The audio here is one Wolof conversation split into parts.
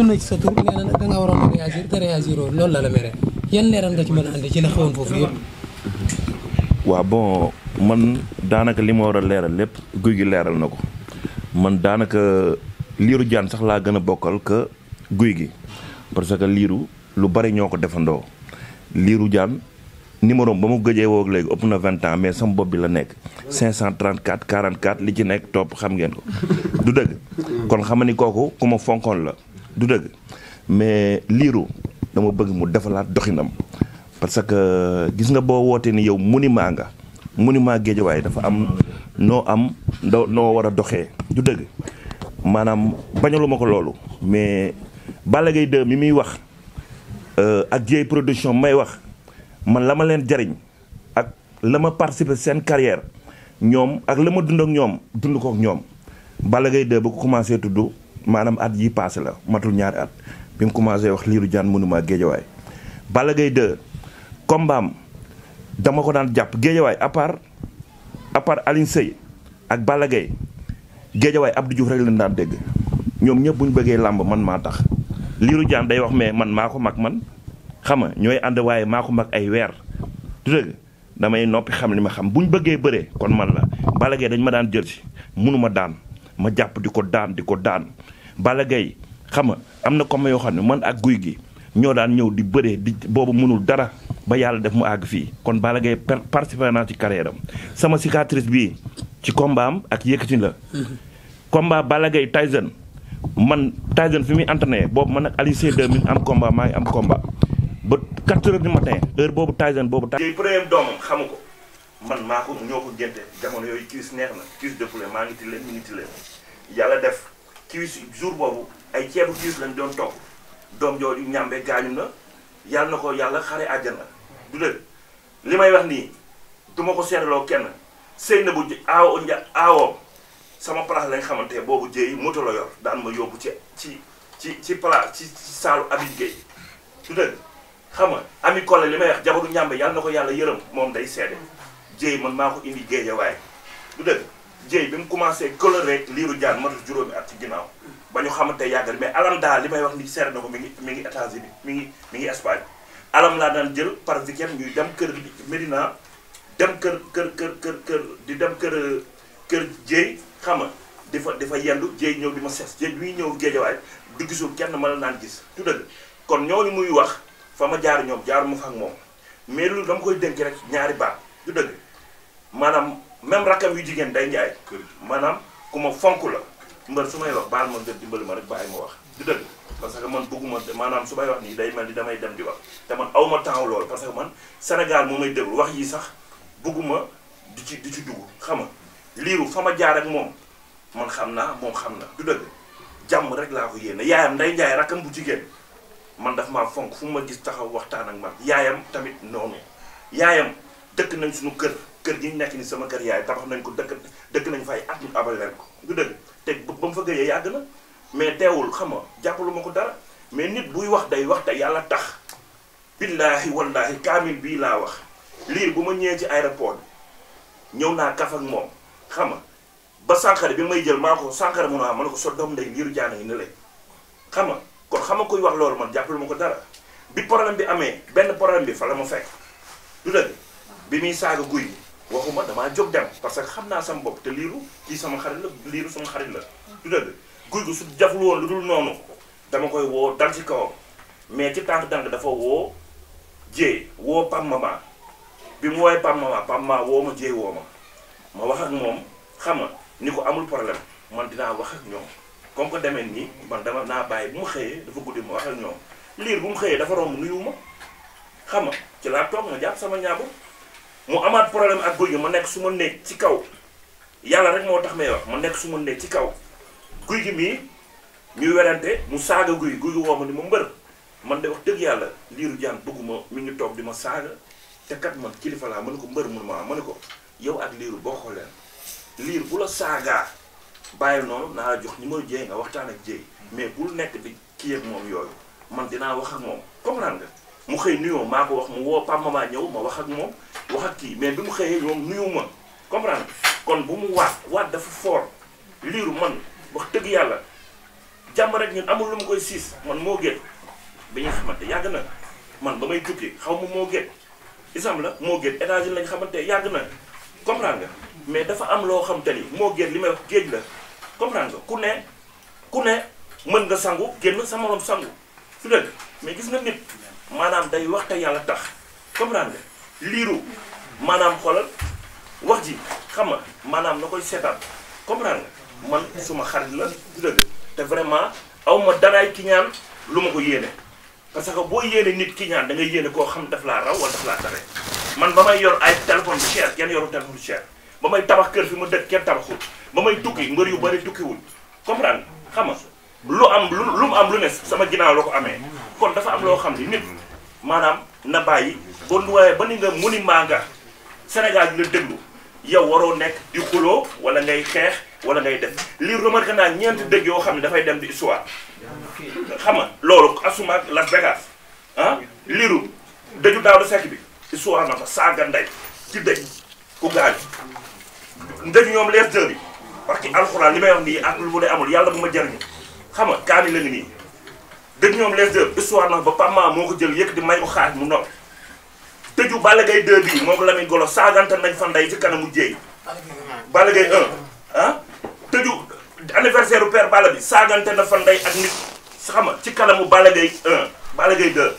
tur sa tur nee bon man daanaka li ma war a leeral lépp guy gi leeral na ko man daanaka liiru jaan sax laa gën a bokkal que guy gi parce que liiru lu bari ñoo ko defandoo liiru jaan. numéro ba mu gëjee woo léegi ëpp na vingt ans mais sama bopp bi la nekk 534 44 li ci nekk topp xam ngeen kon xam kooku ku fonkoon la du dëgg mais liiru dama bëgg mu defalaat doxinam parce que gis nga boo wootee ni yow monument nga monument Guédiawaye dafa am noo am noo noo war a doxee du dëgg maanaam bañaluma ko loolu mais Balla Gaye 2 mi muy wax euh, ak Dieye production may wax man la ma leen jariñ ak la ma participer seen carrière ñoom ak la ma dund ak ñoom dund ko ñoom Balla Gaye 2 ba ko commencé tudd maanaam at yi passé la matul ñaari at bi mu commencé wax liiru jaan mënuma géejawaay Balla Gaye 2 kombaam dama ko daan jàpp géejawaay à part à part Alioune Seye ak Balla Gaye ab du Diouf rek lañ daan dégg ñoom ñëpp bu ñu bëggee làmb man maa tax liiru jaan day wax mais man maa ko mag man xam ñooy ànd waaye maa ko mag ay weer du dëgg damay noppi xam li ma xam bu ñu bëggee bëree kon man la Balla dañ ma daan jël si mënuma daan ma jàpp di ko daan di ko daan Balla Gaye xam am na comme yoo xam ne man ak guy gi ñoo daan ñëw di bëree di boobu mënul dara ba yàlla def mu àgg fii kon Balla Gaye participé naa ci carrière am sama cicatrice bii ci combat ak Yékini la combat Balla Gaye Tyson man Tyson fi muy entraîné boobu man ak Alioune Seye 2000 am combat maa ngi am combat ba 4 heures matin heure boobu Tyson boobu tey yooyu kiis neex na kiis de maa ngi ti mi ngi ti yàlla def kiwis jour boobu ay ceebu kiwis lañ doon togg doom jooju ñàmbe gaañu na yàlla na ko yàlla xare àjjana du dëgg li may wax nii duma ko seetaloo kenn sëy na bu aawo nja aawoom sama place lañ xamante boobu jéey moto la yor daan ma yóbbu ci ci ci ci place ci ci saalu Habib Guèye du dëgg xam ami Collé li may wax jabaru ñàmbe yàlla na ko yàlla yërëm moom day seede jéey man maa ko indi géejawaay du dëgg jéy bi mu commencé couleur liiru jaan matul juróomi at ci ginnaaw ba ñu xamante yàggal mais alam daal li may wax ni seer na ko mi ngi mi ngi États-Unis mu ngi mi ngi Espagne alam laa daan jël par weekend ñuy dem kër Medina dem kër kër kër kër kër di dem kër kër jéy xam nga di fa di fa yendu jéy ñëw di ma ses jéy bi ñëw géejawaay di gisul kenn ma la naan gis tout dëgg kon ñooñu muy wax fa ma jaar ñoom jaar mu fa ak moom mais loolu dama koy dénk rek ñaari baat du dëgg maanaam même rakkam yu jigéen day njaay maanaam ku ma fonk la mbër su may wax baal ma nga dimbali ma rek bàyyi ma wax di dëgg parce que man bëgguma maanaam su may wax nii day mel ni damay dem di wax te man awma temps loolu parce que man Sénégal moo may déglu wax yi sax bëgguma di ci di ci dugg xam nga liiru fa ma jaar moom man xam naa moom xam na du jàmm rek laa ko yéene yaayam nday njaay rakkam bu jigéen man daf maa fonk fu ma gis taxaw waxtaan ak man yaayam tamit noonu yaayam dëkk nañ suñu kër kër gi ñu nekk ni sama kër yaay tabax nañ ko dëkk dëkk nañ fay at ñu abal leen ko du dëgg te ba mu fa gëyee yàgg na mais teewul xama nga jàppalu ma ko dara mais nit buy wax day wax te yàlla tax billaahi wallaahi kaamil bii laa wax lii bu ma ñëwee ci aéroport ñëw naa kaf ak xam nga ba sànqare bi may jël maa ko sànqare mu ne ah ko so doom ndey liiru jaana yi ne lay xam nga kon xam nga kuy wax loolu man jàppalu ma ko dara bi problème bi amee benn problème bi fa la ma fekk du dëgg bi muy saaga guy waxuma damaa jóg dem parce que xam naa sama bopp te liiru kii sama xarit la liiru sama xarit la. du dëgg guy gu su jaful woon lu dul noonu dama koy woo dal ci kawam mais ci tànk dànk dafa woo jee woo pam bi mu woowee pam mama pam mama woo ma jee woo ma ma wax ak moom xam nga ni ko amul problème man dinaa wax ak ñoom comme que demee nii man dama naa bàyyi bu mu xëyee dafa guddi ma wax ak ñoom liir bu mu xëyee dafa romb nuyu ma xam nga ci laa toog ma sama ñaabu. mu amaat problème ak guy gi ma nekk su ma néeg ci kaw yàlla rek moo tax may wax ma nekk su ma nekk ci kaw guy gi mii ñuy werante mu saaga guy guy gi woo ma ni ma mbër man de wax dëgg yàlla liiru jaan bëgguma mi ngi toog di ma saaga te kat man kilifa laa ma ne ko mbër mun ma ma ne ko yow ak liiru boo xoolee liir bu la saagaa bàyyi noonu naa jox numéro jéey nga waxtaan ak jéey mais bul nekk di kii ak moom yooyu man dinaa wax ak moom comprendre nga. mu xëy nuyoo maa ko wax mu woo Pape ñëw ma wax ak moom wax ak kii mais bi mu xëyee moom nuyu ma comprendre kon bu mu waat waat dafa fort liiru man wax dëgg yàlla jàmm rek ñun amul lu mu koy siis man moo géet bi ñu xamante yàgg na man ba may tukki xaw ma moo géet isam la moo géet états lañ xamante yàgg na comprend nga mais dafa am loo xam te ni moo géet li may géej la comprendre nga ku ne ku ne mën nga sangu génn sa morom sangu su mais gis nga maanaam day wax te yàlla tax comprendre nga liiru maanaam xoolal wax ji xam nga maanaam na koy seetaan comprendre nga man suma xarit la du dëgg te vraiment awma daraay ki ñaan lu ma ko yéene parce que boo yéene nit kiiñaan ñaan da yéene koo xam daf laa raw wala daf laa tare man ba may yor ay téléphone bu cher kenn yoru téléphone bu cher ba may tabax kër fi ma dëkk kenn tabaxul ba may tukki mbër yu bari tukkiwul comprendre xam nga lu am lu lu mu am lu ne sama ginnaaw la ko amee kon dafa am loo xam ni nit maanaam na bàyyi ba waaye ba ni nga monument nga Sénégal dina déglu yow waroo nekk di xuloo wala ngay xeex wala ngay def li remarqué naa ñeenti dëgg yoo xam ne dafay dem di histoire xam nga loolu asuma ak Las ah, liiru dëju daaw da sekk bi histoire na fa saaga ndey ci dëj ku gaañ ndëju ñoom lees dër yi parce que alxuraan li may wax nii ak mu ne amul yàlla bu ma jëriñu xam nga kaamil la ngi nii dëgg ñoom les deux histoire nag ba pamma moo ko jël yëkk di may ko xaaj mu noppi tëju Balla Gaye 2 bii moom Lamine Golo saagante nañ fa ndey ci kanamu jéey Balla Gaye 1 ah tëju anniversaire u père bi saagante na fa ndey ak nit xam ci kanamu Balla Gaye 1 Balla Gaye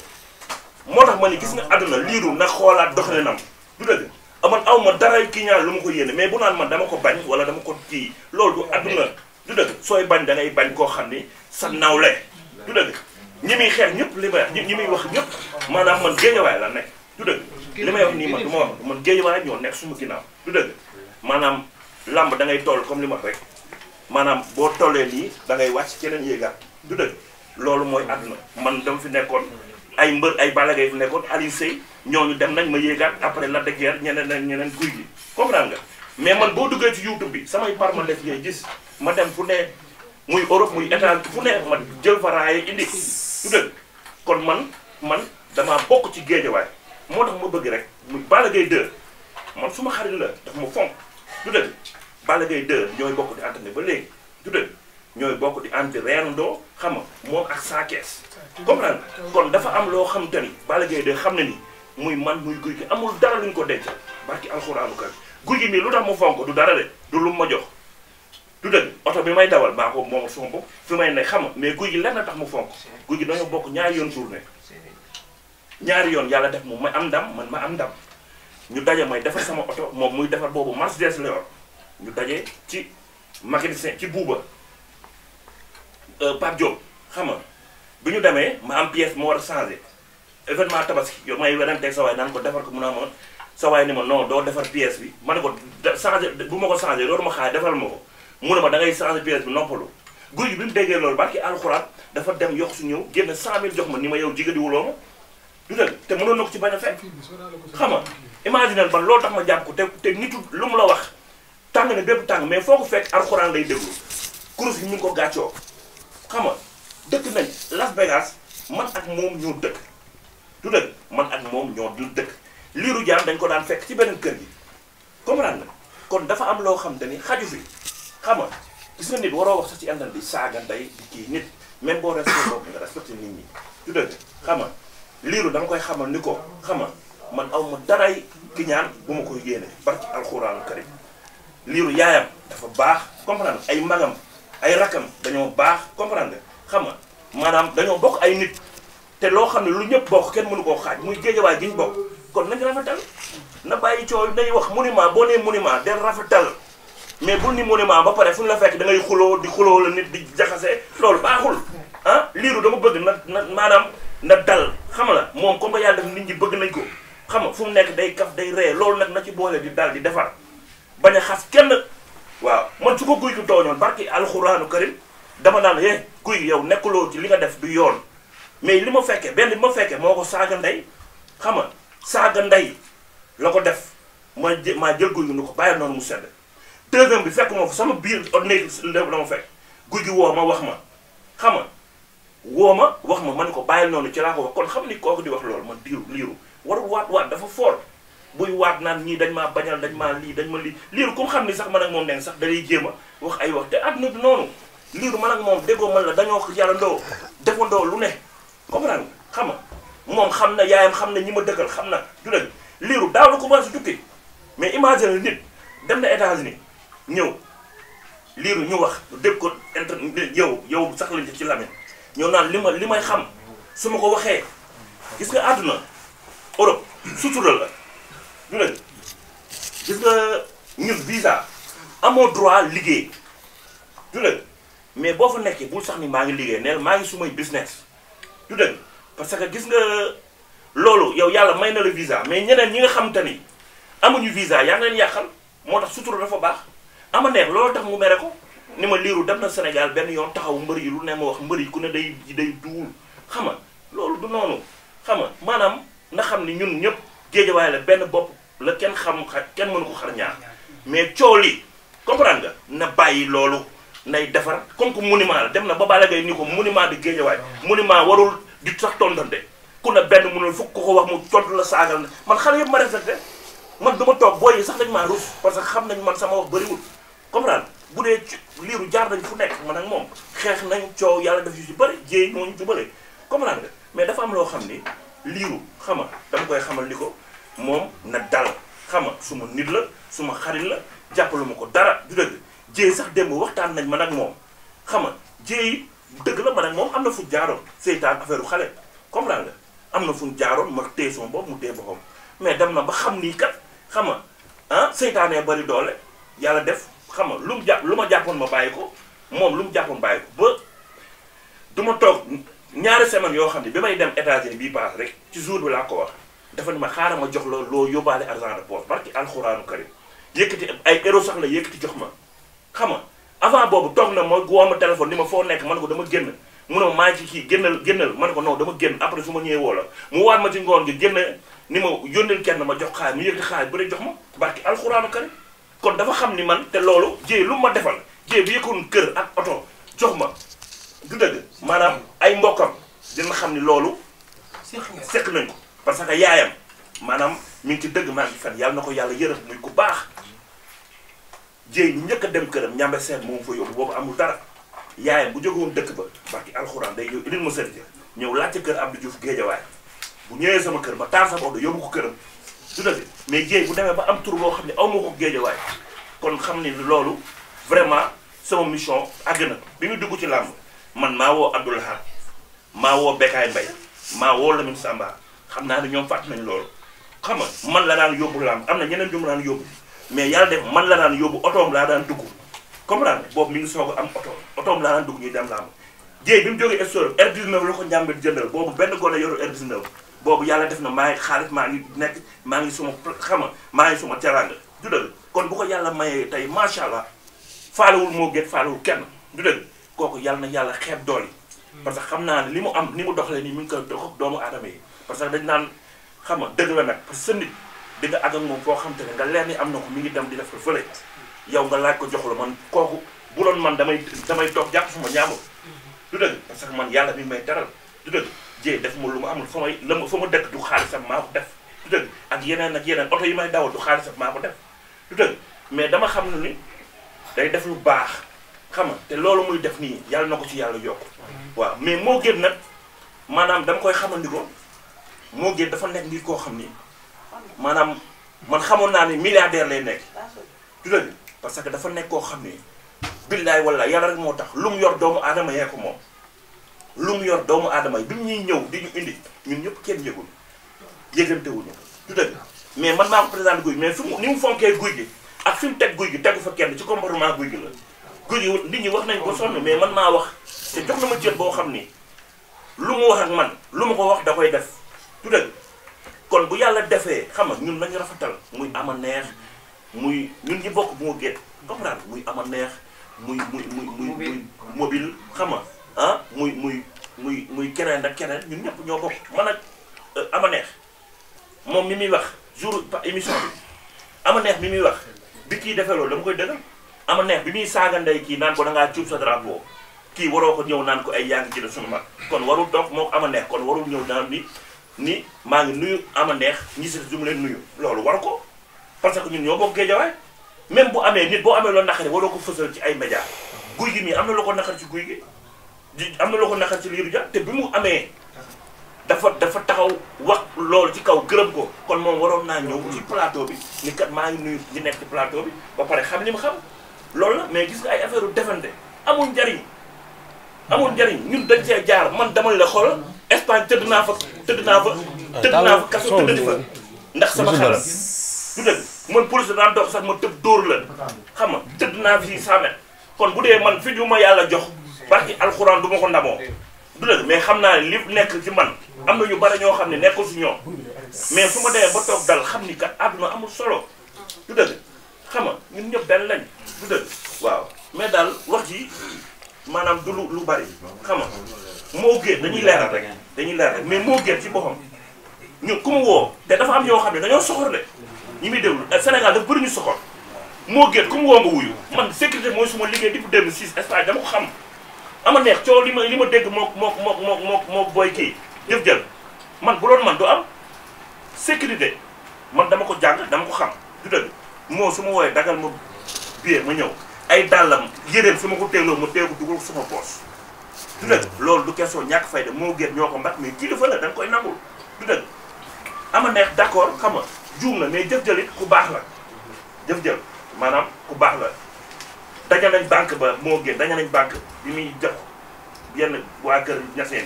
moo tax ma ni gis nga àdduna liiru na xoolaat doxalinam du dëgg aman aw ma dara kii ñaar lu ma ko yéene mais bu naan man dama ko bañ wala dama ko kii loolu du àdduna du dëgg sooy bañ da ngay bañ koo xam ni sa nawle du dëgg ñi muy xeex ñëpp li ñi muy wax ñëpp maanaam man géejawaay la nekk du dëgg li may wax nii man du ma wax man géejawaay ñoo nekk suma ginnaaw du dëgg maanaam lamb da ngay toll comme li ma rek maanaam boo tollee lii dangay ngay wàcc keneen yéegaat du dëgg loolu mooy àdduna man dama fi nekkoon ay mbër ay Balla Gaye fi nekkoon Aliou ñoo ñu dem nañ ma yéegaat après la de guerre ñeneen ñeneen guy gi comprendre mais man boo duggee ci YouTube bi samay parma def ngay gis ma dem fu ne muy Europe muy état fu ne ma jël fa raaya indi du dëgg kon man man damaa bokk ci géejawaay moo tax ma bëgg rek mu Balla Gaye 2 man suma xarit la daf mu fonk du dëgg Balla Gaye 2 ñooy bokk di entraîné ba léegi du dëgg ñooy bokk di anti reerandoo xam nga moom ak saa kees comprendre kon dafa am loo xam te ni Balla Gaye 2 xam ne ni muy man muy guy gi amul dara luñ ko denc barki alxuraanu kar guy gi mii lu tax mu fonk du dara de du lu ma jox du dëgg oto bi may dawal maa moom sama bopp fi may ne xam mais guy gi lan la tax mu fonk guy gi dañoo bokk ñaari yoon journée ñaari yoon yàlla def mu ma am ndam man ma am ndam ñu daje may defar sama oto moom muy defar boobu Mercedes la yor ñu daje ci mécanicien ci buuba euh, Pape Diop xam nga bi ñu demee ma am pièce ma war a changé événement tabaski yow may weranteeg sa waay naan ko defar ko mun a ma sa waay ni ma non doo defar pièce bi ma ne ko changé bu ma ko changé loolu ma xaar defal ma ko mu ne ma da ngay changer pièce bi noppalu guy gi bi mu déggee loolu barki alxuraan dafa dem yokk su ñëw génn 100000 jox ma ni ma yow jigéen di wuloo ma du dëgg te mënoon na ko ci bañ a fekk xam nga imaginal ban loolu tax ma jàpp ko te te nitu lu mu la wax tàng ne bépp tàng mais foo ko fekk alxuraan lay déglu kurus yi ñu ngi ko gàccoo xam nga dëkk nañ Las Vegas man ak moom ñoo dëkk du dëgg man ak moom ñoo du dëkk liiru jaan dañ ko daan fekk ci beneen kër gi comprendre dafa am loo xam ni xaju fi xam nga gis nga nit waroo wax sax ci internet bi saaga nday di kii nit même boo respecté bopp nga nit ñi tu dëgg xam nga liiru da koy xamal ni ko xam nga man awma daray ki ñaan bu ma koy yéene barki alxuraanu karim liiru yaayam dafa baax comprendre ay magam ay rakam dañoo baax comprendre xam nga maanaam dañoo bokk ay nit te loo xam ne lu ñëpp bokk kenn mënu koo xaaj muy géejawaay gi ñu bokk kon nañ rafetal na bàyyi coow nay wax monument boo nee monument del rafetal mais bul ni monument ba pare fu ñu la fekk da ngay xuloo di xuloo la nit di jaxasee loolu baaxul ah liiru dama bëgg na na maanaam na dal xam nga moom comme que yàlla def nit ñi bëgg nañ ko xam nga fu mu nekk day kaf day ree loolu nag na ci boole di dal di defar bañ a xas kenn waaw man su ko guy gi tooñoon barki alxuraanu karim dama naan eh guy yow nekkuloo ci li nga def du yoon mais li ma fekkee benn bi ma fekkee moo ko saaga ndey xam nga saaga ndey la ko def ma jë maa jël ko bàyyi noonu mu sedd. tësëm bi fekk ma fa sama biir néeg la ma fekk guy gi woo ma wax ma xam nga woo ma wax ma man ko bàyyil noonu ci laa ko wax kon xam ni kooku di wax loolu man diiru liiru warul waat waat dafa foor buy waat naan ñii dañ maa bañal dañ maa lii dañ ma lii liiru ku xam ni sax ma ak moom neen sax dalay jéem wax ay wax te àdduna bi noonu liiru ma ak moom déggoo man la dañoo yàlla ndoo defandoo lu ne comprendre xam na moom xam na yaayam xam na ñi ma dëkkal xam na du liiru daaw la commencé tukki mais imagine nit dem na États-Unis ñëw liiru ñu wax dégg ko inter yow yow sax lañ ci lamin ñëw naan li ma li may xam su ma ko waxee gis nga àdduna Europe sutura la ñu ne gis nga ñun amoo droit liggéey du dëgg mais boo fa nekkee bul sax ni maa ngi liggéey neel maa ngi sumay business parce que gis nga loolu yow yàlla may na la visa mais ñeneen ñi nga xam te ni amuñu visa yaa ngi leen yàqal moo tax sutura dafa baax ama neex loolu tax mu mere ko ni ma liiru dem na Sénégal benn yoon taxaw mbër yi lu ne ma wax mbër yi ku ne day day duwul xam nga loolu du noonu xam nga maanaam na xam ni ñun ñëpp géejawaay la benn bopp la kenn xam xa kenn mënu ko xar ñaar mais coow li comprendre nga na bàyyi loolu nay defar kon que monument la dem na ba Balla Gaye ni ko monument di géejawaay monument warul di sax tontante ku ne benn mënul fukk ko ko wax mu tontu la saagal na man xale yëpp ma respecté man du toog booy yi sax dañ maa rus parce que xam nañ man sama wax comprendre bu dee ci liiru jaar nañ fu nekk man ak moom xeex nañ coow yàlla def yu ci bëri jéey moo ñu ci bëri comprendre nga mais dafa am loo xam ni liiru xama dama koy xamal ni ko moom na dal xama suma nit la suma xarit la jàppaluma ko dara du dëgg jéey sax démb waxtaan nañ man ak moom xama jéey dëgg la man ak moom am na fu jaaroon seytaan affaire xale comprendre nga am na fu ñu jaaroon ma téye sama bopp mu téye boppam mais dem na ba xam nii kat xama ah seytaanee bari doole yàlla def xam nga lu mu jàpp lu ma jàppoon ma bàyyi ko moom lu mu jàppoon bàyyi ko ba du ma toog ñaari semaine yoo xam ne bi may dem États-Unis bii paas rek ci jour bi laa ko wax dafa ne ma xaaral ma jox loo loo yóbbaale argent de poche barki alxuraanu karim yëkkati ay euro sax la yëkkati jox ma xam nga avant boobu toog na ma woo ma téléphone ni ma foo nekk man ko dama génn mu ne ma maa ci kii génnal génnal ma ne ko non dama génn après su ma ñëwee woo la mu waat ma ci ngoon gi génn ni ma yónneel kenn ma jox xaar mu yëkkati xaar bu jox ma barki alxuraanu karim kon dafa xam ni man te loolu jéey lu ma defal jéey bi yëkkoon kër ak oto jox ma du dëgg maanaam ay mbokkam dina xam ni loolu seq nañ ko parce que yaayam maanaam mi ngi ci dëgg maa ngi fen yàlla na ko yàlla yërëm muy ko baax jéey lu njëkk dem këram ñambe seet moom fa yóbbu boobu amul dara yaayam bu jógoon dëkk ba barki alxuraan day ñëw indil ma sëriñ ñëw laajte kër ab Abdou Diouf géejawaay bu ñëwee sama kër ma taal sama oto yóbbu ko këram mais jéey bu demee ba am tour boo xam ne aw ma ko géejawaay kon xam ni loolu vraiment sama mission àgg na bi mu dugg ci làmb man maa woo Abdoulaye maa woo Bekaay Mbaye maa woo Lamine Samba xam naa ni ñoom fàtt nañ loolu xam nga man la daan yóbbu làmb am na ñeneen ñu mu daan yóbbu mais yàlla def man la daan yóbbu otoom laa daan dugg comme daan boobu mi ngi soog a am oto otoom laa daan dugg ñuy dem làmb jéey bi mu jógee storom R19 ko njàmbit jëndal boobu benn gone yoru R19 boobu yàlla def na maa ngi xaalis maa ngi nekk maa ngi suma xama maa ngi suma teraanga du dëgg kon bu ko yàlla mayee tey macha allah faalewul moo gét faalewul kenn du dëgg kooku yàlla na yàlla xeeb dool yi hmm. parce que xam naa ne li mu am ni mu doxalee nii mi ngi koy dox doomu aadama yi que dañ naan xam nga dëgg la nag parce que sa nit di nga moom foo xam ne nga leer ni am na ko mi ngi dem di def fële yow nga laaj ko jox la man kooku bu doon man damay damay toog jàpp suma ñaamul hmm. du dëgg parce que man yàlla mi may teral du jee def ma lu ma amul fa may la ma fa dëkk du xaalisam maa ko def du dëgg ak yeneen ak yeneen oto yi may dawal du xaalisam maa ko def du dëgg mais dama xam ne ni day def lu baax xam te loolu muy def nii yàlla na ko ci yàlla yokk waaw mais moo gën nag maanaam dama koy xamandi moo gën dafa nekk ngir koo xam ni maanaam man xamoon naa ne milliardaire lay nekk du dëgg parce que dafa nekk koo xam ni billaay wallaay yàlla rek moo tax lu mu yor doomu aadama yee ko moom lu mu yor doomu aadama yi bi mu ñuy ñëw di ñu indi ñun ñëpp kenn yëgul yëgante wuñu mais man maa ko présenté guy mais fi mu ni mu fonkee guy gi ak fi mu teg guy gi tegu fa kenn ci comportement guy gi la guy gi nit ñi wax nañ ko sonn mais man maa wax te jox na ma jël boo xam ni lu mu wax ak man lu ma ko wax da koy def du kon bu yàlla defee xam nga ñun nañu rafetal muy ama neex muy ñun ñi bokk bu mu gétt comprendre muy ama neex muy muy muy mobile xam nga ah muy muy muy muy keneen ak keneen ñun ñëpp ñoo bokk man ak euh, ama neex moom mi muy wax jour émission bi ama neex mi muy wax di kii defee loolu dama koy dëggal ama neex bi muy saaga ndey kii naan ko da ngaa cuub sa drapeau kii waroo ko ñëw naan ko ay yaa ngi ci la sunu mag kon warul donc moo ama neex kon warul ñëw naan ni ni maa ngi nuyu ama neex ñi si du mu leen nuyu loolu war ko parce que ñun ñoo bokk géejawaay même bu amee nit boo amee loo naqari ko fësal ci ay média guy gi mii am ko naqari ci guy di am na loo ko naqar ci liiru ja te bi mu amee dafa dafa taxaw wax loolu ci kaw gërëm ko kon moom waroon naa ñëw ci plateau bi ni kat maa ngi nuyu ñi nekk ci plateau bi ba pare xam li ma xam loolu la mais gis nga ay affaire u defante amul njariñ amul njariñ ñun dañ see jaar man dama la xool Espagne tëdd naa fa tëdd naa fa tëdd naa fa kaso tëdd fa ndax sama xalam du dëgg man police ma tëb la xam nga tëdd naa kon bu dee man fi ñu ma yàlla jox barki alxuraan du ma ko ndamoo du dëgg mais xam naa li nekk ci man am na ñu bari ñoo xam ne nekkul si ñoom mais su ma demee ba toog dal xam ni kat àdduna amul solo du dëgg xam nga ñun ñëpp benn lañ du dëgg waaw mais daal wax ji maanaam du lu lu bari xam nga moo gën dañuy leeral rek dañuy leeral mais moo gën ci boppam ñun ku mu woo te dafa am ñoo xam ne dañoo soxor de ñi muy déglu eh, Sénégal dafa bëri ñu soxor moo gën ku mu woo nga wuyu man sécurité mooy suma liggéey depuis 2006 Espagne dama ko xam. ama neex coow li ma li ma dégg moo mook mook mook moo mook booy kii jëf jël man bu doon man du am sécurité man dama ko jàng dama ko xam du dëgg moo su ma wooyee dagal ma biyee ma ñëw ay dàllam yéreem su ma ko teeloo ma teegu dugal ko sama poos du dëgg mm. loolu du question ñàkk fayda moo gën ñoo ko mbat mais kilifa la da nga koy nangul du dëgg ama neex d'accord xam nga juum na mais jëf jël it ku baax la jëf jël maanaam ku baax la daja nañ banque ba moo gën daja nañ banque bi muy jox yenn waa kër ñaseen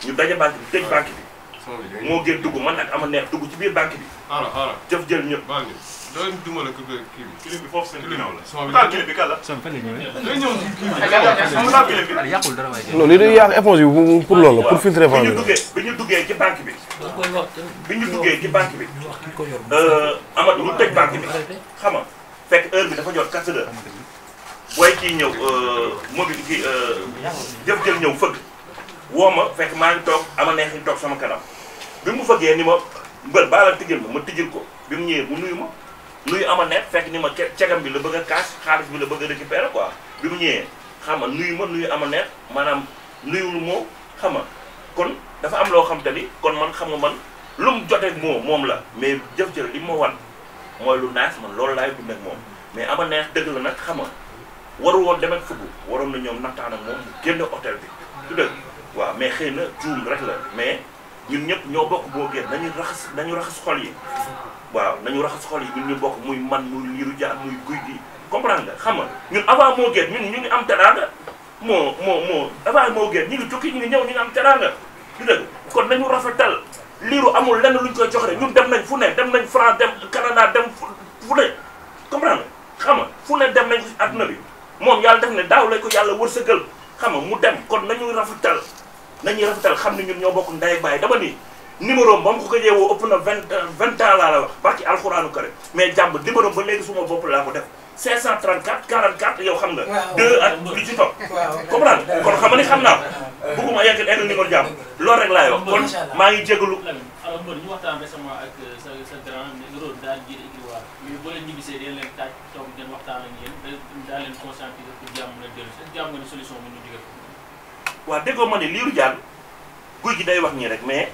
yi ñu daja banque bi tëj banque bi. moo gën man ak ama neex dugg ci biir banque bi. jëf jël ñëpp. doo leen dumala kii bi kii bi foofu seen ginnaaw la. soo bi bi kàlla. soo bi yàqul dara waaye. non li day yàq éponge bi pour loolu la pour filtrer bi ñu duggee bi ñu duggee ci banque bi. bi ñu duggee ci banque bi. Euh, Amadou lu tëj banque bi. xam nga fekk heure bi dafa jot 4 heures. booy kii ñëw mobi kii jëf jël ñëw fëgg woo ma fekk maa ngi toog ama neex ñu toog sama kanam bi mu fëggee ni ma mbër baalal tijjal ma ma tijjal ko bi mu ñëwee mu nuyu ma nuyu ama neex fekk ni ma cegam bi la bëgg a kaas xaalis bi la bëgg a récupérer quoi bi mu ñëwee xam nga nuyu ma nuyu ama neex maanaam nuyul moo xam nga kon dafa am loo xam te ni kon man xam nga man lu mu joteeg moo moom la mais jëf jël li ma wan mooy lu naas man loolu laay dund ak moom mais ama neex dëgg la nag xam nga warul woon dem ak waroon na ñoom nattaan ak moom mu génn hôtel bi. du dëgg waaw mais xëy na juum rek la mais ñun ñëpp ñoo bokk boo génn nañu raxas nañu raxas xol yi. waaw nañu raxas xol yi ñun ñu bokk muy man muy liiru jaar muy guy gi comprendre nga xam nga ñun avant moo génn ñun ñu ngi am teraanga moo moo moo avant moo génn ñu ngi tukki ñu ngi ñëw ñu ngi am teraanga du dëgg kon nañu rafetal liiru amul lenn luñ koy jox rek ñun dem nañ fu ne dem nañ France dem Canada dem fu ne comprendre xam nga fu ne dem nañ ci àdduna bi. moom yàlla def ne daaw la ko yàlla wërsëgal xam nga mu dem kon nañu rafetal nañuy rafetal xam ne ñoo bokk ndey ak dama ni numéro ba mu ko gëjee woo ëpp na vingt vingt ans la wax parce alxuraanu kare mais jàmm numéro ba léegi suma bopp laa ko def 534 44 yow xam nga. deux ak lu ci topp. comprendre kon xam ni xam naa ko. bëgguma yegg indi numéro loolu rek laay wax kon maa ngi jégalu. Mbodj daa leen conscientiser pour jàmm mën a dellu ko. waaw déggoo ma ne liiru jaan guy gi day wax nii rek mais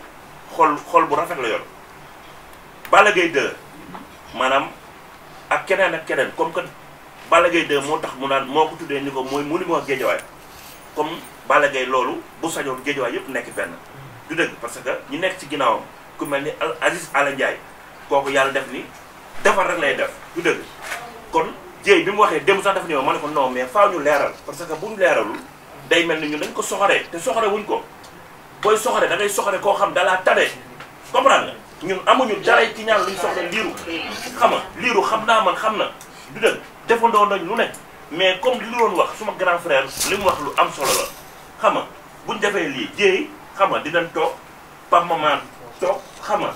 xol xol bu rafet la yoon Balla Gaye 2 maanaam ak keneen ak keneen comme que Balla Gaye moo tax mu naan moo ko tuddee ni ko mooy monument Géejawaay comme Balla Gaye loolu bu sañoon Géejawaay yëpp nekk benn. du dëgg parce que ñu nekk ci ginnaawam ku mel ni Aziz Ala Ndiaye kooku yàlla def ni defar rek lay def du dëgg kon. Guèye bi mu waxee dem sax daf ne ma ma ne ko non mais faaw ñu leeral parce que bu ñu leeralul day mel ni ñu dañ ko soxoree te soxore wuñ ko booy soxore da ngay soxore koo xam dalaa tade comprendre nga ñun amuñu daray ci ñaan luñ soxla liiru xam nga liiru xam naa man xam na du dëgg defandoo nañ lu ne mais comme li doon wax suma grand frère li mu wax lu am solo la xam nga buñ defee lii Guèye xam nga dinañ toog Pape Maman toog xam nga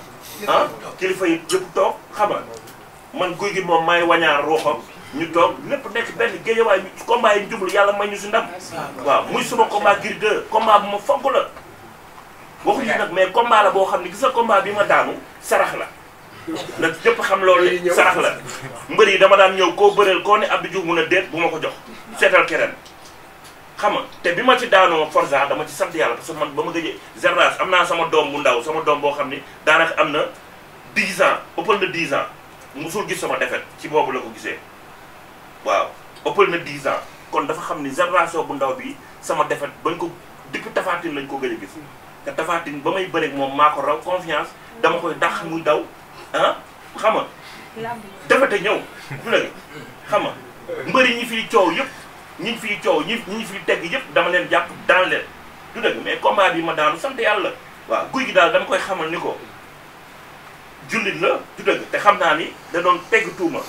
ah kilifa yi yëpp toog xam nga man guy gi moom maay wañaar ruuxam ñu toog lépp nekk benn géejawaay ci combat yi ñu yàlla may ñu si ndam. waaw muy suma combat Gris 2 combat bu ma fonk la. waxuñu nag mais combat la boo xam ne gis nga combat bi ma daanu sarax la. nag ñëpp xam loolu la sarax la. mbër yi dama daan ñëw koo bëreel koo ne Abdou Diouf mun a déet bu ma ko jox seetal keneen. xam nga te bi ma ci daanoo Forza dama ci sant yàlla parce man ba ma gëjee Zerras am naa sama doom bu ndaw sama doom boo xam ne daanaka am na 10 ans ëppal na 10 ans musul gis sama defet ci boobu la ko waaw ëppal na 10 ans kon dafa xam ni génération bu ndaw bi sama defet bañ ko depuis tafaatin lañ ko gën a gis te tafaatin ba may bëri moom maa ko raw confiance dama koy dàq muy daw ah xam nga defete ñëw du la xam nga mbëri ñi fiy coow yëpp ñi fiy coow ñi ñi yëpp dama leen jàpp daan leen du dëgg ma daanu sant yàlla waaw guy gi daal dama koy xamal ni ko jullit la du te xam naa ni da doon tegg tuuma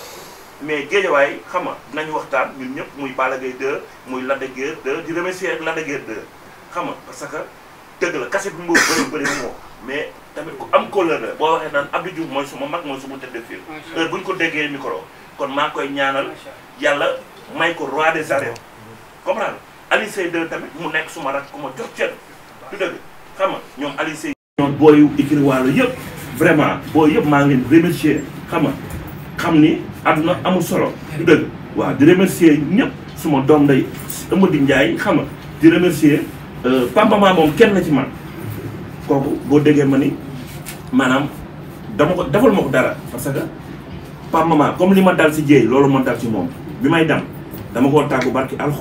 mais géejawaay xam nga nañu waxtaan ñun ñëpp muy Balla Gaye 2 muy Lac de Guiers 2 di remercier ak Lac de xam nga parce que dëgg la kase bi mu bëri bëri moo mais tamit ku am couleur la boo waxee naan Abdou Diouf mooy suma mag mooy suma tëdd fii heure bu ñu ko déggee micro kon maa koy ñaanal yàlla may ko roi des arènes comprendre Aliou Seye 2 tamit mu nekk suma rak ku ma jox cër du dëgg xam ñoom Aliou Seye ñoom booyu waalo yëpp vraiment booy yëpp maa ngi remercier xam xam ni àdduna amul solo du dëgg waaw di remercier ñëpp suma doom day Amady Ndiaye xam nga di remercier euh, pampama moom kenn na ci man kooku boo déggee ma ni maanaam dama ko defal ma ko dara parce que pampama comme li ma dal si jéey loolu ma dal ci moom bi may dem dama koo tàggu barki alxu